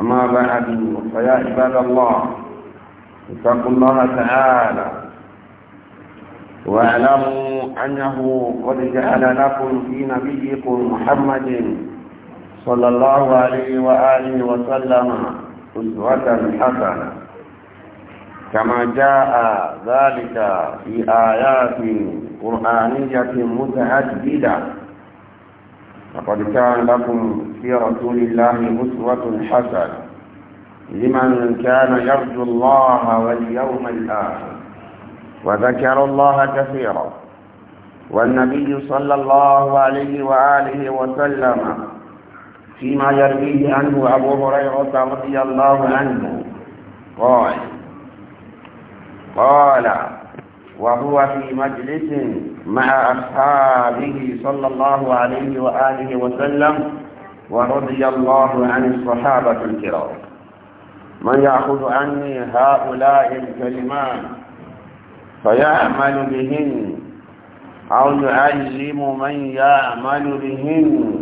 أما بعد فيا عباد الله اتقوا الله تعالى واعلموا أنه قد جعل لكم في نبيكم محمد صلى الله عليه وآله وسلم أسوة حسنة كما جاء ذلك في آيات قرآنية متعددة لقد كان لكم في رسول الله أسوة حسنة لمن كان يرجو الله واليوم الآخر وذكر الله كثيرا والنبي صلى الله عليه وآله وسلم فيما يرويه عنه أبو هريرة رضي الله عنه قال قال وهو في مجلس مع أصحابه صلى الله عليه وآله وسلم ورضي الله عن الصحابة الكرام من يأخذ عني هؤلاء الكلمات فيعمل بهن أو يعلم من يعمل بهن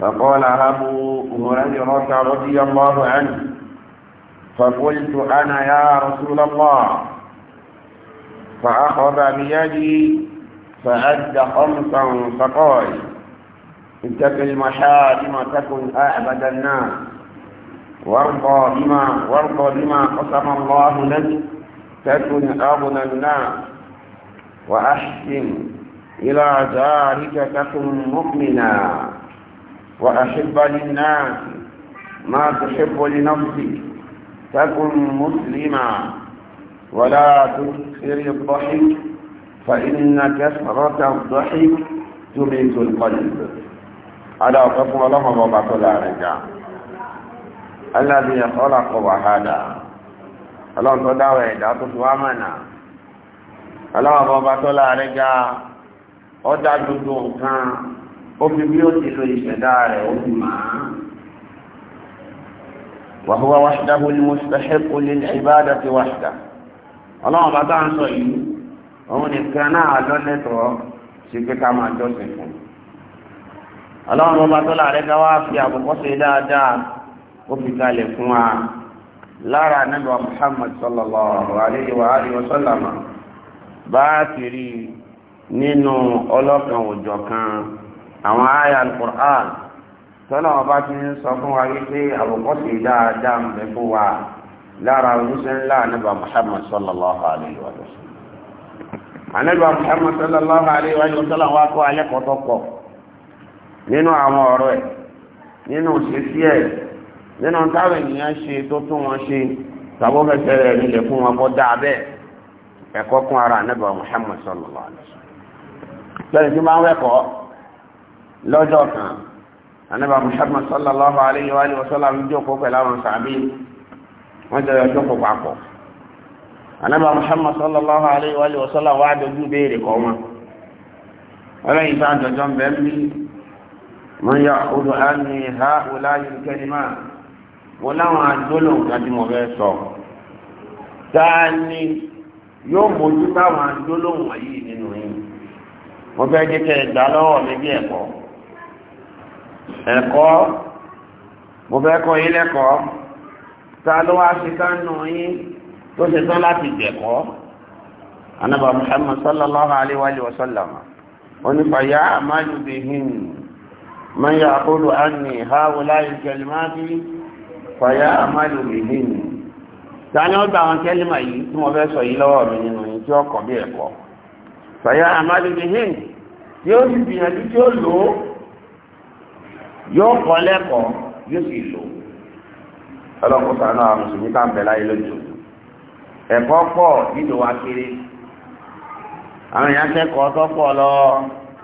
فقال أبو هريرة رضي الله عنه فقلت أنا يا رسول الله فأخذ بيدي فأد خمسا فقال اتق المحارم تكن أعبد الناس وارضى بما وارضى بما قسم الله لك تكن أغنى الناس وأحسن إلى ذلك تكن مؤمنا وأحب للناس ما تحب لنفسك تكن مسلما ولا تكثر الضحك فإن كثرة الضحك تميت القلب على قفو الله وبطل رجع الذي خلق وهذا الله تدعوه لا تسوامنا الله وبطل رجع ọdá gbogbo nǹkan ó fi bí ó ti lo ìṣẹ̀dá rẹ̀ ó fi ọlọ́run bàbá ń sọ yìí òun nìkan náà lọ́lẹ́tọ̀ọ́ sí pé ká máa jọ́sìn fún un ọlọ́run ọba tó láàrẹ ká wá fi àbùkọ́ ṣe dáadáa ó fi kalẹ̀ fún wa lára nígbà Muhammad sallallahu alayhi wa alihi wa sallam bá a ti rí nínú ọlọ́kan òjọ̀ kan àwọn àyà al tọ́lá ọba ti ń sọ fún wa wípé àbùkọ́ ṣe dáadáa ń bẹ fún wa lára oníṣẹ́ ńlá anábà muhammad sallallahu alayhi wa sallam anábà muhammad sallallahu alayhi wa sallam wá kọ́ alẹ́kọ̀ọ́tọ́ pọ̀ nínú àwọn ọ̀rọ̀ ẹ̀ nínú ṣíṣí ẹ̀ nínú táwọn ènìyàn ṣe tó tún wọn ṣe tàbọ́fẹ́fẹ́ rẹ̀ nílẹ̀ fún wọn kọ́ dáa bẹ́ẹ̀ ẹ̀kọ́ kún ara anábà muhammad sallallahu alayhi wa sallam lẹ́yìn tí máa ń wẹ́kọ̀ọ́ lọ́jọ́ kan anábà muhammad sallallahu alayhi wa sallam jókòó pẹ̀lú àwọn sàbí wọ́n jẹ́ ọjọ́ pọ̀ papọ̀ anábà Muhammad sallallahu alayhi wa sallam wá dojú béèrè kọ́ wọn ọlọ́yìn tá àjọjọ́ ń bẹ́ẹ̀ bí wọ́n yà odò á ní ha ọlá yìí kẹ́ni máa wọ́n láwọn àjọlọ̀ àti mọ̀ fẹ́ sọ tá a yóò mójú táwọn àjọlọ̀ wọ̀nyí nínú yìí mo fẹ́ jẹ́ kẹ́ ẹ̀dá lọ́wọ́ mi bí ẹ̀kọ́ ẹ̀kọ́ mo fẹ́ kọ́ yín lẹ́kọ̀ọ́ ta ló wá ṣe ká nù yín tó ṣe tán láti jẹ̀kọ́ anábà muhammad sallallahu alayhi wa sallam onífàyà àmàlù bihin man yaqulu anni hawla'il kalimati fàyà àmàlù bihin ta ni ó gba àwọn kẹ́límà yìí tí wọ́n fẹ́ sọ yìí lọ́wọ́ mi nínú yìí tí ó kọ̀ bí ẹ̀kọ́ fàyà àmàlù bihin tí ó sì gbìyànjú tí ó lò yóò kọ́ lẹ́kọ̀ọ́ yóò sì lò ó ọlọ́run sànú àwọn mùsùlùmí tá ń bẹ̀ láyé lójú ẹ̀kọ́ pọ̀ nínú wa kéré àwọn èèyàn kẹ́kọ̀ọ́ tó pọ̀ lọ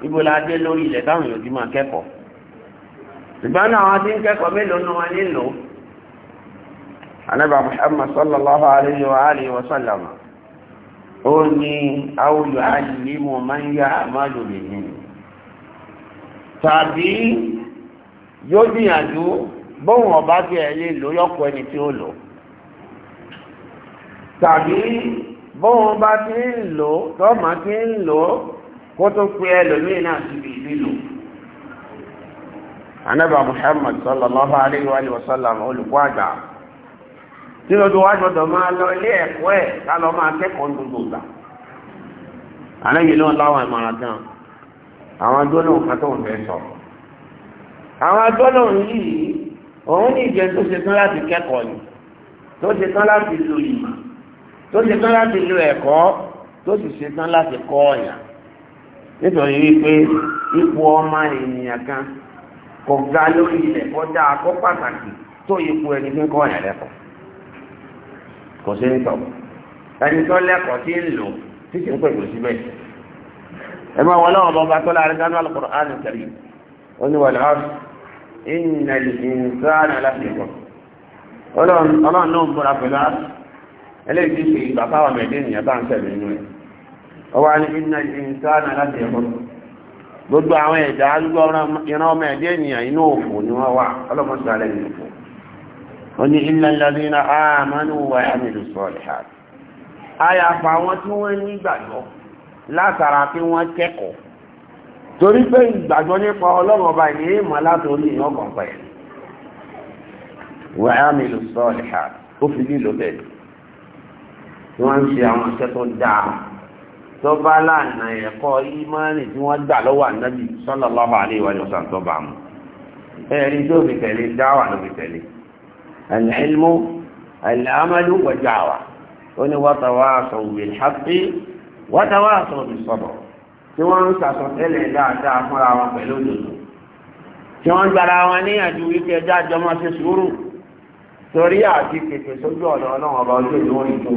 ibo la dé lórí ilẹ̀ táwọn èèyàn ti máa kẹ́kọ̀ọ́ ṣùgbọ́n náà wọn ti ń kẹ́kọ̀ọ́ mélòó ni wọn nílò anábà Muhammad sallallahu alayhi wa alihi wa sallam ó ní awùlù alìmù máa ń yá àmàlù bìnrin tàbí yóò gbìyànjú bóun ọba tí ẹ lò yọkọ ẹni tí ó lò tàbí bóun bá tí ń lò tọ́mà tí ń lò kó tó pe ẹlòmíì náà síbi ìlú anábà Muhammad sallallahu alayhi wa olùkọ́ àgbà tí lọ́dún wá gbọ́dọ̀ máa lọ ilé ẹ̀kọ́ ẹ̀ máa kẹ́kọ̀ọ́ gbogbo láwọn ìmọ̀ràn àwọn agbóhùn kan tó ń fẹ́ sọ àwọn agbóhùn yìí òun ní ìjẹun tó ṣetán láti kẹ́kọ̀ọ́ ni tó ṣetán láti lo ìmọ̀ tó ṣetán láti lo ẹ̀kọ́ tó sì ṣetán láti kọ́ ọ̀yàn nítorí wípé ipò ọmọ ènìyàn kan kò ga lórí ilẹ̀ kọjá akọ́ pàtàkì tó ipò ẹni tí ń kọ́ ọ̀yàn lẹ́kọ̀ọ́ kò sí ní tọ̀gbọ̀ ẹni tó lẹ́kọ̀ọ́ tí ń lò tí kì í pè kò síbẹ̀ ẹ máa wọlé ọ̀bọ̀ bá tó láàrin dáná Al-Qur'an al inna al-insana láti kọ́ ọlọ́run náà ń bọ́ra pẹ̀lú ààbò eléyìí ti ṣe ìgbà fáwọn ń tẹ̀lé inú ẹ̀ ọwọ́ ni inna al-insana láti kọ́ gbogbo àwọn ẹ̀dá arúgbó ìran ọmọ inú òfò ni wọ́n wà òfò torí pé ìgbàgbọ́ nípa ọlọ́run ọba ní ìmọ̀ látòrí ìyàn kan pẹ̀ wàhámi ló sọ ọ̀lẹ́ha ó fi lílo bẹ́ẹ̀ tí wọ́n ń ṣe àwọn iṣẹ́ tó dáa tó bá lánàá ẹ̀kọ́ ìmánì tí wọ́n gbà lọ́wọ́ ànábì sallallahu alaihi wa sallam tó bá mu ẹ̀rí tó fi tẹ̀lé dáwà ló fi tẹ̀lé al-ilmu al-amalu wa da'wa ó ní wa tawasaw bil tí wọ́n ń sàsọtẹ́lẹ̀ dáadáa fúnra wọn pẹ̀lú òdòdó tí wọ́n gbára wọn níyànjú wípé ẹjá àjọmọ́ ṣe sùúrù torí àti pèpè sójú ọ̀nà ọlọ́run ọba ojú ìlú orin tó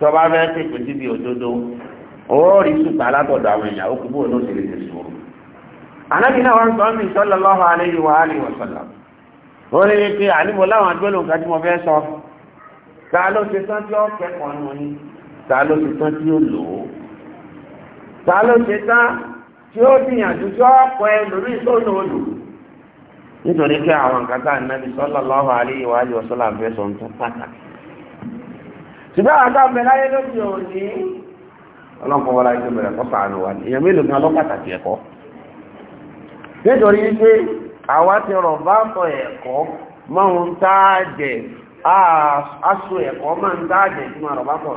tọba fẹ́ pèpè síbi òdodo òórì sùpà látọ̀dọ̀ àwọn èèyàn ó kú bóun ló ṣe lè ṣe sùúrù. ànábì wọn sọ mí sallallahu alaihi wa alihi wa sallam ó ní wípé àníbo láwọn gbólóhùn kan tí mo fẹ́ sọ ta ló ṣe tán tí ó kẹ́kọ̀ọ́ nù ní ta ló ṣe tán tí ó lò ó ta ló ṣe tá tí ó gbìyànjú tí ọ̀pọ̀ ẹlòmí sónà odò nítorí pé àwọn nǹkan tá ànábi sallallahu alaihi wa alihi wasallam fẹ́ sọ tó pàtàkì ṣùgbọ́n àwọn àgbà láyé lóde òní ọlọ́pàá wọlé ayé tó bẹ̀rẹ̀ kọ́ sàánù wa ni èèyàn mélòó kan ẹ̀kọ́ nítorí pé àwa ti rọ̀ bá tọ̀ ẹ̀kọ́ máa ń tá àjẹ́ aṣọ ẹ̀kọ́ máa ń tí rọ̀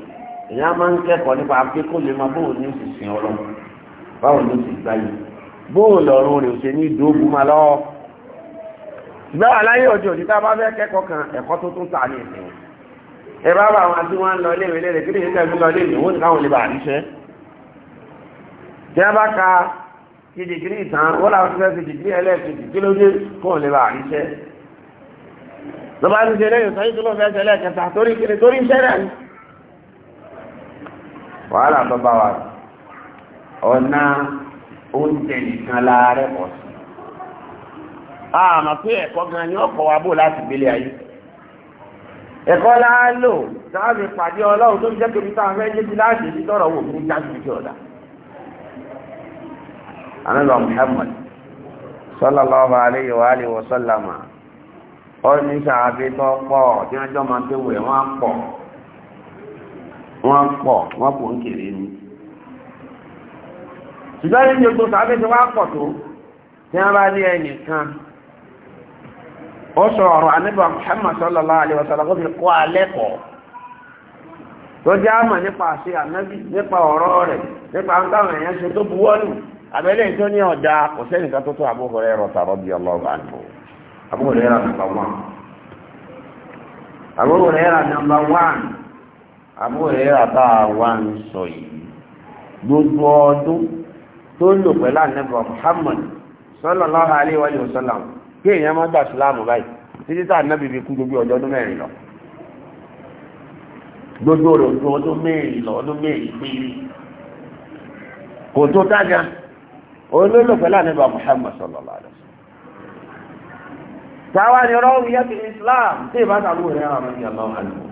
èèyàn máa ń kẹ́kọ̀ọ́ nípa pé kó lè máa bóun ní oṣù sìn ọlọ́run báwo ló ti gbá yìí bóun lọ́rùn rẹ̀ ò ṣe ní ìdóògùn máa lọ́wọ́ ìgbáwà láyé òjò òjì tá a bá fẹ́ kẹ́kọ̀ọ́ kan ẹ̀kọ́ tó tún tà ní ìsìn ẹ bá bá àwọn tí wọ́n ń lọ léèrè léèrè kí nìyẹn tẹ̀sí lọ léèrè wọ́n ti káwọn lè bà níṣẹ́ tí a bá ka ti dìgírí ìtàn wọ́n làwọn ti fẹ́ fi dìgírí ẹlẹ́ẹ̀kejì kí ló dé kóun lè bà níṣẹ́ lọ́ba ti ṣe lẹ́yìn sọ́yìn tó lọ́ fẹ́ ṣẹlẹ̀ kẹta torí kiri torí iṣẹ́ rẹ̀ ni wàhálà tó bá wà ọ̀nà oúnjẹ nìkan láàárẹ̀ pọ̀ sí àmà pé ẹ̀kọ́ gan ni ọkọ̀ wa bò láti gbélé ayé ẹ̀kọ́ láàlò sáàbì pàdé ọlọ́run tó jẹ́ kébí táwọn fẹ́ jẹ́ ti láti ìdí tọ́rọ wò fún jáde ìjọ ọ̀dà anábà Muhammad sallallahu alayhi wa alihi wa ní sàábé tó pọ̀ tí wọ́n jọ máa ń pé wọ́n á pọ̀ wọ́n pọ̀ wọ́n ń kéré ní ṣùgbọ́n ní gbogbo sàbẹ́ ti wá pọ̀ tó tí a bá ní ẹnì kan ó sọ ọ̀rọ̀ anábà Muhammad sallallahu alaihi wasallam kó fi kọ́ alẹ́ tó jẹ́ àmà nípa àṣẹ ànábì nípa ọ̀rọ̀ rẹ̀ nípa Abu Abu àbúrẹ́ àbá wa ń sọ yìí gbogbo ọdún tó lò pẹ̀lú ànẹ́bọ̀ Muhammad sallallahu alaihi wa sallam kí èèyàn má gbà síláàmù báyìí títí tá ànábì fi kú gbogbo ọjọ́ ọdún mẹ́rin lọ gbogbo rẹ̀ ọdún ọdún mẹ́rin lọ ọdún mẹ́rin péré kò tó tájà olólò pẹ̀lú ànẹ́bọ̀ Muhammad sallallahu alaihi wa sallam táwa ni rọ́ọ̀rù yẹ́ fi Islam tí ìbátan lóore àwọn ọmọ ìyàlọ́ àlùkò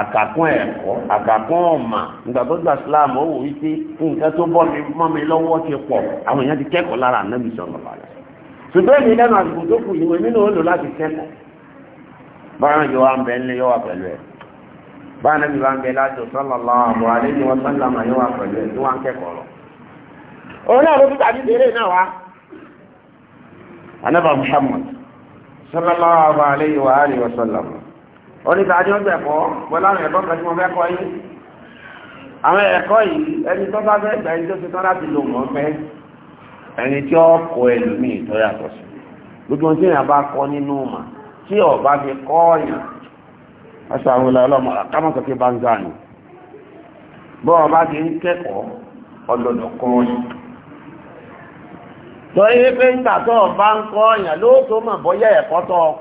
àkàkún ẹ̀kọ́ àkàkún ọ̀mà nígbà tó gba Islam ó wò wípé nǹkan tó bọ́ mi mọ́ mi lọ́wọ́ ti pọ̀ àwọn èèyàn ti kẹ́kọ̀ọ́ lára ànábì sọ̀rọ̀ bàbá rẹ̀ ṣùgbọ́n èmi lẹ́nu àsìkò tó kù ìwé nínú ó lò láti kẹ́kọ̀ọ́ báwọn jọ wa ń bẹ nílé yọwà pẹ̀lú ẹ̀ báwọn ànábì bá ń bẹ láti sallallahu alaihi wa sallam yọwà pẹ̀lú ẹ̀ tí wọ́n ń kẹ́kọ̀ọ́ lọ. òun náà ló fi Muhammad sallallahu alaihi wa oníkàájú ọgbẹ̀ ẹ̀kọ́ pẹ̀lú ẹ̀kọ́ kan tí wọ́n fẹ́ yìí àwọn ẹ̀kọ́ yìí ẹni tó bá fẹ́ tó tán ẹni tí ó kọ tó yàtọ̀ sí gbogbo tí èèyàn bá kọ́ nínú mà tí fi kọ́ aṣọ àwọn ilẹ̀ ọlọ́mọ àkámọ́sọ pé bá ń gbà ní ọba ti ń kẹ́kọ̀ọ́ ọlọ́dọ̀ kọ́ pé ń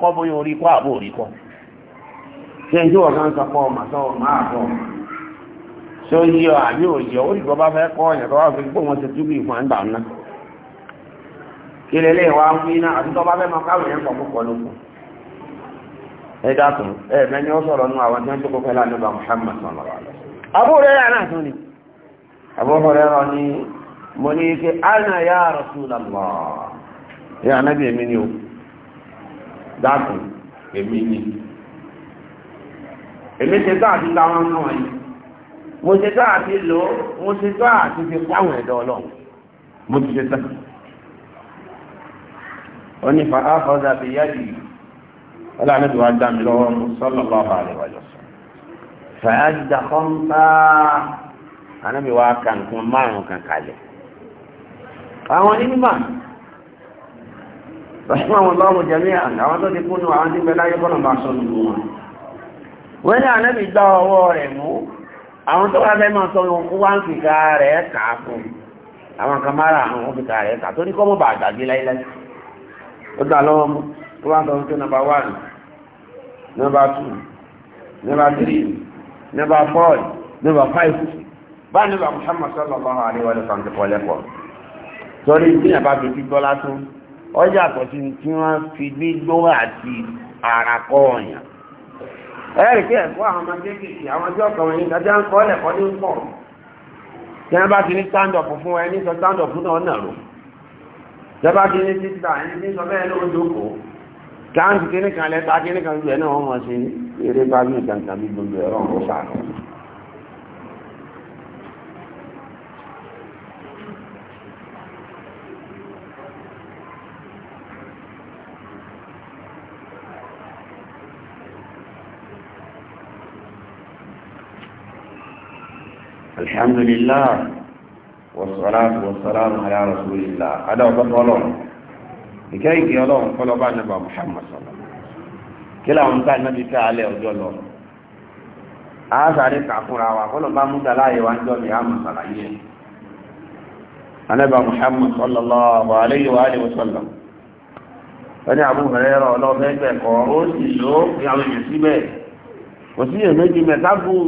ọba ń kọ́ ṣe ń tí wọ́n kan sọ ọmọ máa ṣó yí ọ àbí òye ó dìgbọ́ bá fẹ́ kọ́ ọ̀yàn tó fi gbó wọn ti túbú ìfún àgbà ńlá kí lélẹ̀ ń fi èmi ṣe tó àti táwọn náà wọ̀nyí mo ṣe tó àti lò ó mo ṣe tó àti fi pàwọn ẹ̀dọ́ ọlọ́run mo ti ṣe tó. ó ní fa áfọ́dà bí yáàdì ọlá níbi wàá dá mi lọ́wọ́ mo sọ́lọ́ lọ́wọ́ àlẹ́ wàjọ sọ. fàájà kọ́ńtà ànábi wàá ka nǹkan márùn-ún kan àwọn onímọ̀ rahman allah jami'an àwọn tó ti kúnnú àwọn tí bẹ láyé bọ́lá máa sọ nínú wọn wọ́n ní ànábì gbá ọwọ́ rẹ̀ mú àwọn tó wá fẹ́ máa sọ wọn kó wá ń fìkà rẹ̀ kà á fún àwọn kan mára àwọn fìkà rẹ̀ kà tó ní kọ́ mọ́ bàá gbàgbé ó gbà lọ́wọ́ mú tó wá ń sọ wọn pé nọ́mbà one nọ́mbà two nọ́mbà three nọ́mbà four nọ́mbà five bá nọ́mbà Muhammad sallallahu alaihi wa sallam ti kọ́ lẹ́kọ̀ọ́ torí tí yàrá fi fi gbọ́ lásán ọjà àkọsí tí wọ́n fi gbígbó àti àràkọ́ ọ̀yàn ẹ̀rì kí ẹ̀kọ́ àwọn ọmọ kéékèèké àwọn tí ọkọ̀ wọ̀nyí kájá ń kọ́ lẹ̀kọ́ ní pọ̀ tí wọ́n bá ti ní stand up fún ẹ ní sọ stand up náà nà ló tí wọ́n bá ti ní títà ẹni tí sọ bẹ́ẹ̀ ló ń dókò káàkiri kan lẹ́ta kiri kan jù náà wọ́n mọ̀ sí eré bá mi kankan bí gbogbo ẹ̀rọ ọ̀rọ̀ sáà الحمد لله والصلاة والسلام على رسول الله هذا هو بطلون لكي يلون قلوا بعد نبي محمد صلى الله عليه وسلم كلا من كان نبي كعلي وجلون هذا عليك عفورا وقلوا بعد مدلاء وانجون يا مسلمين أنبى محمد صلى الله عليه وآله وسلم ẹni Abu Hurairah ọlọ́fẹ́ gbẹ̀kọ́ ó sì ló ìyàwó ìyẹ̀síbẹ̀ kò sí èméjì mẹ́ta fún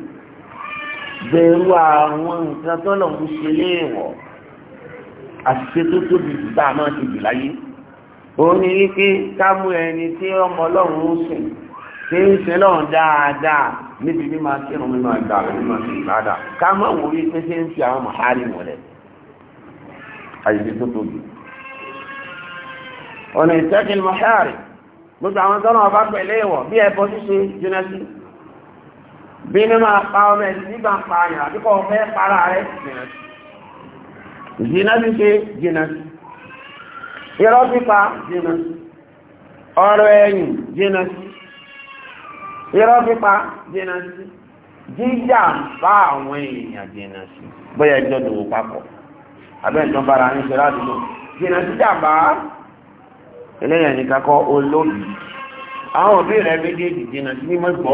bẹ̀rù àwọn nǹkan tọ́lọ̀ ń ṣe léèwọ̀ àṣìṣe tó tóbi bá a máa ti jù láyé òun ni wípé ká mú ẹni tí ọmọ ọlọ́run ń sìn tí ń sin lọ́run dáadáa níbi mímọ kírun mímọ ìgbà rẹ̀ mímọ sí ìbádà ká má wò wí pé ṣé ń fi àwọn màhárì mọ̀lẹ̀ àṣìṣe tó tóbi ọ̀nà ìtẹ́kìlì màhárì gbogbo àwọn tọ́lọ̀ ọba pẹ̀lẹ́ ìwọ̀ bí ẹ̀bọ ṣíṣe jìnnà sí bí ní máa pa ọmọ ẹni nígbà pa àyàn àbíkọ́ ọmọ ẹ para rẹ̀ jìnà sí jìnà sí ṣe jìnà sí irọ́ pípa jìnà sí ọ̀rọ̀ ẹ̀yìn jìnà sí irọ́ pípa jìnà sí jíjà bá àwọn èèyàn jìnà sí bóyá ẹjọ́ dòwò papọ̀ abẹ́ ìjọ bára ní ṣe ládùúgbò jìnà sí jàmbá eléyàn ní kakọ́ olóbi àwọn òbí rẹ̀ méjèèjì jìnà sí mímọ́ ìgbọ́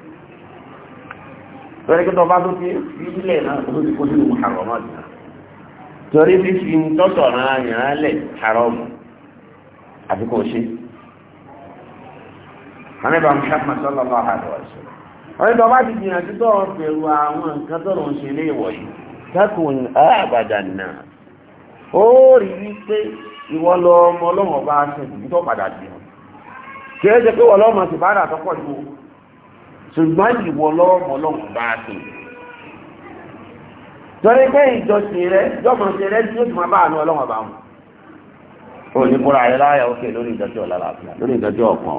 lórí kí tọba tó ti fi ilẹ̀ náà tó ti kó sínú àrọ̀mọ́ ti náà torí fífi ń tọ́tọ̀ náà yàrá lẹ̀ àrọ̀mù àti kò ṣe àníbà Muhammad sallallahu alaihi wa sallam ọ̀rẹ́ tọba ti gbìyànjú tó àwọn nǹkan ń ṣe ilé ìwọ̀ yìí àbàdà náà ó rí wípé ọmọ ọlọ́wọ́ bá ṣe ṣùgbọ́n ìwọ lọ́wọ́ lọ́wọ́ bá a tó torí pé ìjọsìn rẹ jọmọ ṣe rẹ tí ó ti máa bá àánú ọlọ́wọ́ bá mu ó ní kúra rẹ láyà òkè lórí ìjọsìn ọ̀la làbíà lórí ìjọsìn ọ̀pọ̀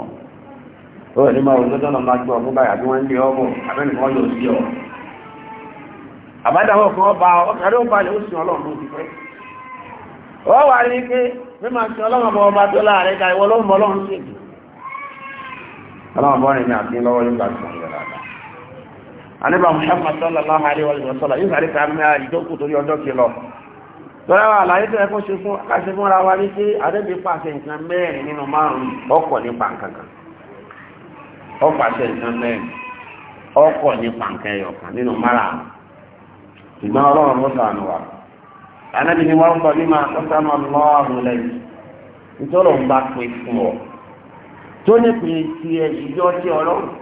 o ní máa wọlé tọ́nà máa gbọ́ fún báyà tí wọ́n ń lé ọmọ abẹ́nìkan yóò sí ọ àbádáwọ̀ kan ọba ọkàrí ó balẹ̀ ó sin ọlọ́run ló ti fẹ́ ọ wà ní pé mímọ sin ọlọ́run ọba ọba tó láàrẹ ká anibà muhammad sallallahu alayhi wa sallam yóò sáré sáré mẹ́ra ìjókòó torí ọjọ́ kí lọ tọ́lá wa àlàyé tó yẹ kó ṣe fún aṣe fúnra wa ní sí àdébí pàṣẹ nǹkan mẹ́rin nínú márùn-ún ọkọ̀ nípa nǹkankan ọkọ̀ àṣẹ nǹkan mẹ́rin ọkọ̀ nípa nǹkan ẹyọkan nínú márùn-ún ṣùgbọ́n ọlọ́run ló sànù wa anábì ni wọ́n sọ ní máa kọ́sá máa lọ́ àrùn lẹ́yìn nítorí òun bá pè fún ọ tó ní pè tiẹ̀ ìjọ tí ọlọ́run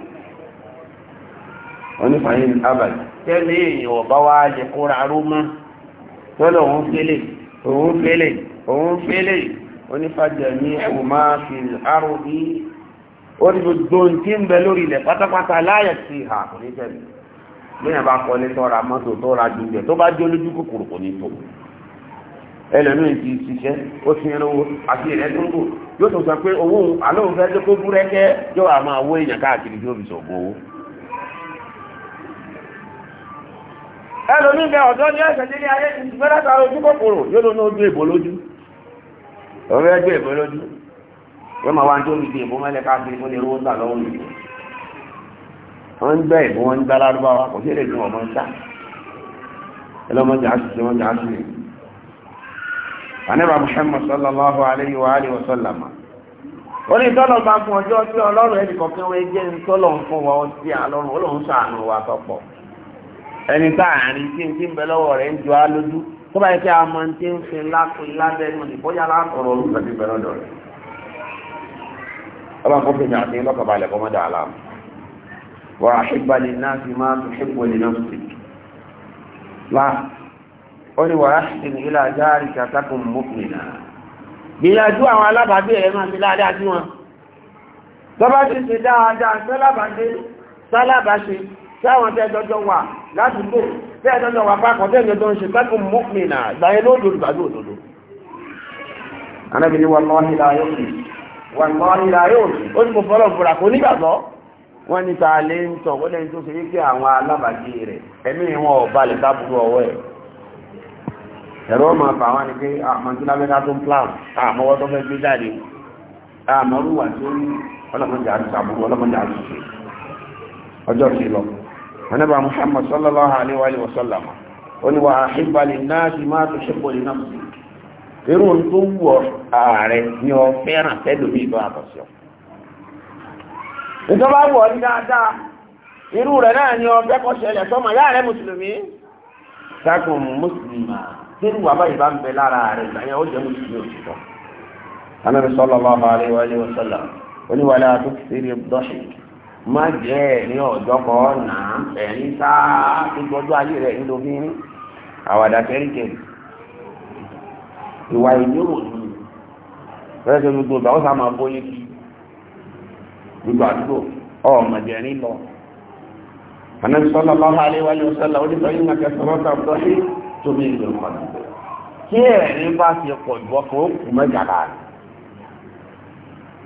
onífàyín abàlì tẹ́lẹ̀ èèyàn ọ̀bá wá jẹ kó ra aró mọ́ tọ́lọ̀ òun fẹ́lẹ̀ òun fẹ́lẹ̀ òun fẹ́lẹ̀ onífàjẹ̀ ní ẹwù máa fi aró bí ó ní gbogbo tí ń bẹ lórí ilẹ̀ pátápátá láyẹ̀ sí ìhà kò ní tẹ̀lé lóyìn bá kọ́lé tọ́ra mọ́tò tọ́ra jùlẹ̀ tó bá jó lójú kòkòrò kò ní yóò tó sọ pé owó àlóhùn tó kó búrẹ́kẹ́ yóò àmọ́ owó èèyàn káàkiri yóò fi sọ̀gbọ́ owó ẹlòmí bẹ ọ̀dọ́ ní ẹ̀sẹ̀ tí ní ayé ìgbẹ́láta ojú kòkòrò yóò lónà ojú èbò lójú ọ̀rẹ́ ẹgbẹ́ èbò lójú yóò máa wá ń tó fi di èbò mẹ́lẹ̀ káàkiri fún irú ọ̀sà lọ́wọ́ mi wọ́n ń gbẹ́ èbò wọn ń gbá lárúbáwá kò sí èdè tí wọ́n mọ́ ń sá ẹlọ́mọdé àṣìṣe wọn jà sílẹ̀ àníbà Muhammad sallallahu alayhi wa alihi wa sallam ó ní tọ́lọ̀ bá fún ọjọ́ tí ọlọ́run ẹnì kọ̀ọ̀kan wọ́n jẹ́ ń tọ́lọ̀ ń fún wa ọtí àlọ́run ó lóun sàánú wa tọ́pọ̀ ẹni tá àárín tí n ti ń bẹ lọ́wọ́ rẹ̀ ń jọ á lójú tó bá yẹ kí a máa ń tí ń fi lápò lábẹ́nu ìbóyá látọ̀rọ̀ olùkọ́ ti bẹ lọ́dọ̀ rẹ̀ ọlọ́run kó fèmí àti lọ́kàbalẹ̀ kọ́ mọ́dà aláàmù wà áṣíbalẹ̀ náà fi máa tún ṣípò ní náà sí láà ó ní wà áṣìkìn ilá jáàrí kàtàkùn mọ́kùnrin náà gbìyànjú àwọn alábàágbé ẹ̀ máa fi dáadáa sí wọn tọ́bá ti ṣe dáadáa sálábàáṣe sáwọn tẹ́ jọjọ wà ládùúgbò tẹ́ jọjọ wà pápọ̀ tẹ́ jọjọ ń ṣe pẹ́kù mọ́kànlá gbáyé lóòdò ìgbàdó òdòdó anábìnrin wọn lọ́ọ́ nílá yóò fi wọn lọ́ọ́ nílá yóò fi ó ní kò fọ́lọ̀ fúra kò nígbàgbọ́ wọ́n ní ta ń tọ̀ ó lẹ́yìn tó ṣe wípé àwọn alábàájí rẹ̀ ẹ̀mí wọn ò balẹ̀ ọwọ́ ẹ̀ ah, ah, ah, ọlọ́mọdé àti ọlọ́mọdé àti ṣe anábà muhammad sallallahu alaihi wa sallam ó ní wà áhìbàlì náà ti máa tó ṣe pọ̀lì náà irú tó wọ ààrẹ ni ọ fẹ́ràn tẹ́lómi ìlú àtọ̀síọ́ ìjọba wọ̀ ní dáadáa irú rẹ̀ náà ni ọbẹ̀ kọ́ ṣẹlẹ̀ sọ́mọ yá rẹ̀ mùsùlùmí. sákùn mùsùlùmí tẹ́lú bàbá ìbá ń bẹ lára rẹ̀ ìgbàyẹn ó jẹ́ mùsùlùmí òṣìṣọ́. anábì sallallahu alaihi wa sallam oníwàlẹ́ àtúntì sí rí má jẹ́ ẹ̀ ní ọ̀jọ́ kan nà ẹ̀rín sáá tó gbọ́dọ̀ ayé rẹ̀ nítorí àwàdà kẹ́ríkẹ́rì ìwà ìlérò ni fẹ́ẹ́ ṣe gbogbo ìgbà ó sá máa bóyé kí gbogbo àdúgbò ọ̀mọ̀jẹ̀rin lọ Ànábì sallallahu alaihi wa sallam onífẹ́ yìí máa kẹsàn án sọ̀rọ̀ sí tóbi ìlú ọ̀pọ̀ tí ẹ̀rín bá ti pọ̀ jù ọkọ̀ ó kù mẹ́jà láàrin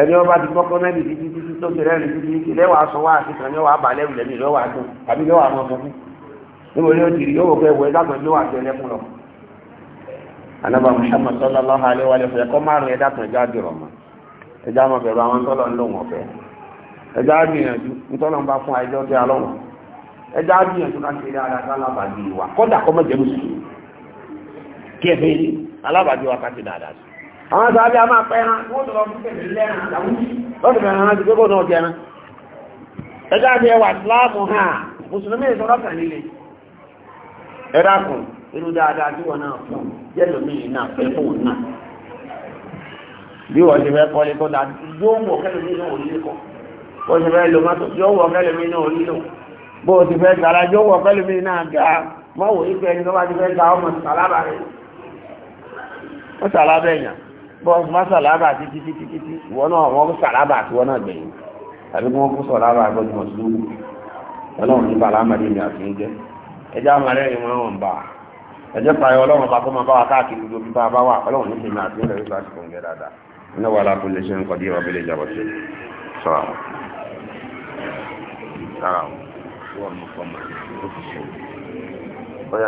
ẹni ọba ti kọ́kọ́ náà ní títí títí tó ti rẹ́rìn títí títí lẹ́wàá sọ wá àti kan lẹ́wàá bà lẹ́rù lẹ́mí lọ́wọ́ àdùn àbí níbo wa márùn ẹ̀dá kan dìrọ̀ mọ́ bẹ̀rù àwọn tọ́lọ̀ ń gbìyànjú ntọ́lọ̀ ń bá fún àìjọ gbìyànjú àwọn sàábí a máa pẹ́ ẹran wọ́n tọ́lọ fún pẹ̀lú lẹ́ran àtàwọn lọ́dún mẹ́rin rántí pé kò náà jẹ́ ẹjá ti ẹwà láàmù ha mùsùlùmí ìsọ́rọ̀ nílé ẹ̀dá kan náà fún bí wọ́n ti fẹ́ bọ́ọ̀sì má sàlábà títí títí títí wọ́n náà wọ́n kó sàlábà tí wọ́n náà gbẹ̀yìn tàbí wọ́n kó sàlábà gbọ́dọ̀ mọ̀sùlùmù ọlọ́run ní bàlá àmàlẹ́ ìrìn àti ń jẹ́ ẹjẹ́ àmàlẹ́ ìwọ̀n wọn bá ẹjẹ́ pààyọ ọlọ́run bá kó máa bá wa káàkiri gbogbo bí bá wà ọlọ́run ní ìrìn àti ìrìn àti ìrìn àti dáadáa iná wà lápò lè ṣe ń kọjú ìwà bílẹ̀ ìjàbọ̀ ṣe sọ́ra wọn.